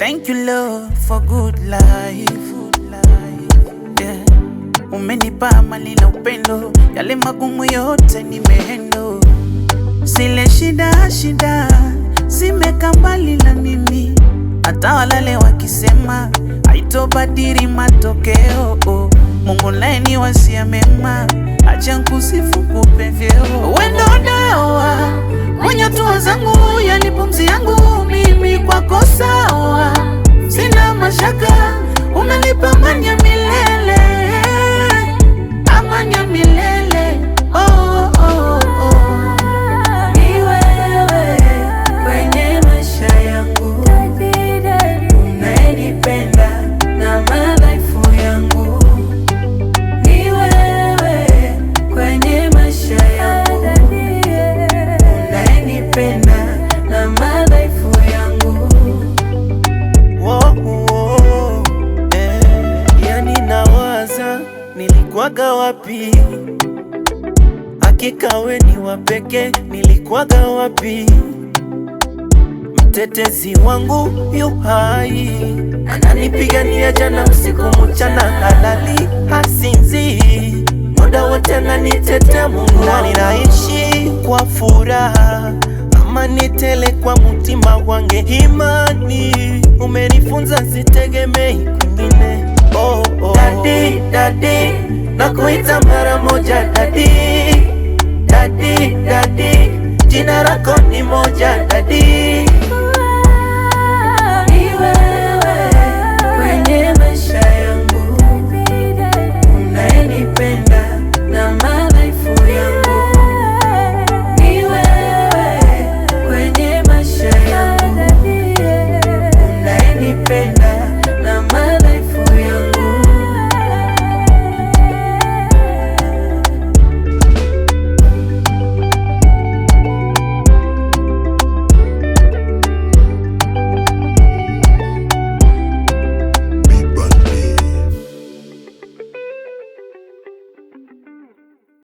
Thank you Lord for good life. Yeah. Umenipa mali na upendo, yale magumu yote ni mehendo. Zile shida shida zimeka mbali na mimi, hata walale wakisema haitobadili matokeo. Mungu naye ni wasia mema, acha nkusifu kupe vyeo. Wewe ndo dawa mwenye tuwa zangu yanipumzia tena na madhaifu yangu oh, oh, eh, yani nawaza nilikwaga wapi, hakika we ni wapeke, nilikwaga wapi Mtetezi wangu yu hai, ananipigania jana usiku mchana, halali hasinzi, muda wote ananitetea. Mungu, nina naishi kwa furaha amani tele kwa mutima wange, imani umenifunza sitegemei kwingine. Oh, oh. Dadi, dadi, nakuita mara moja dadi, dadi, dadi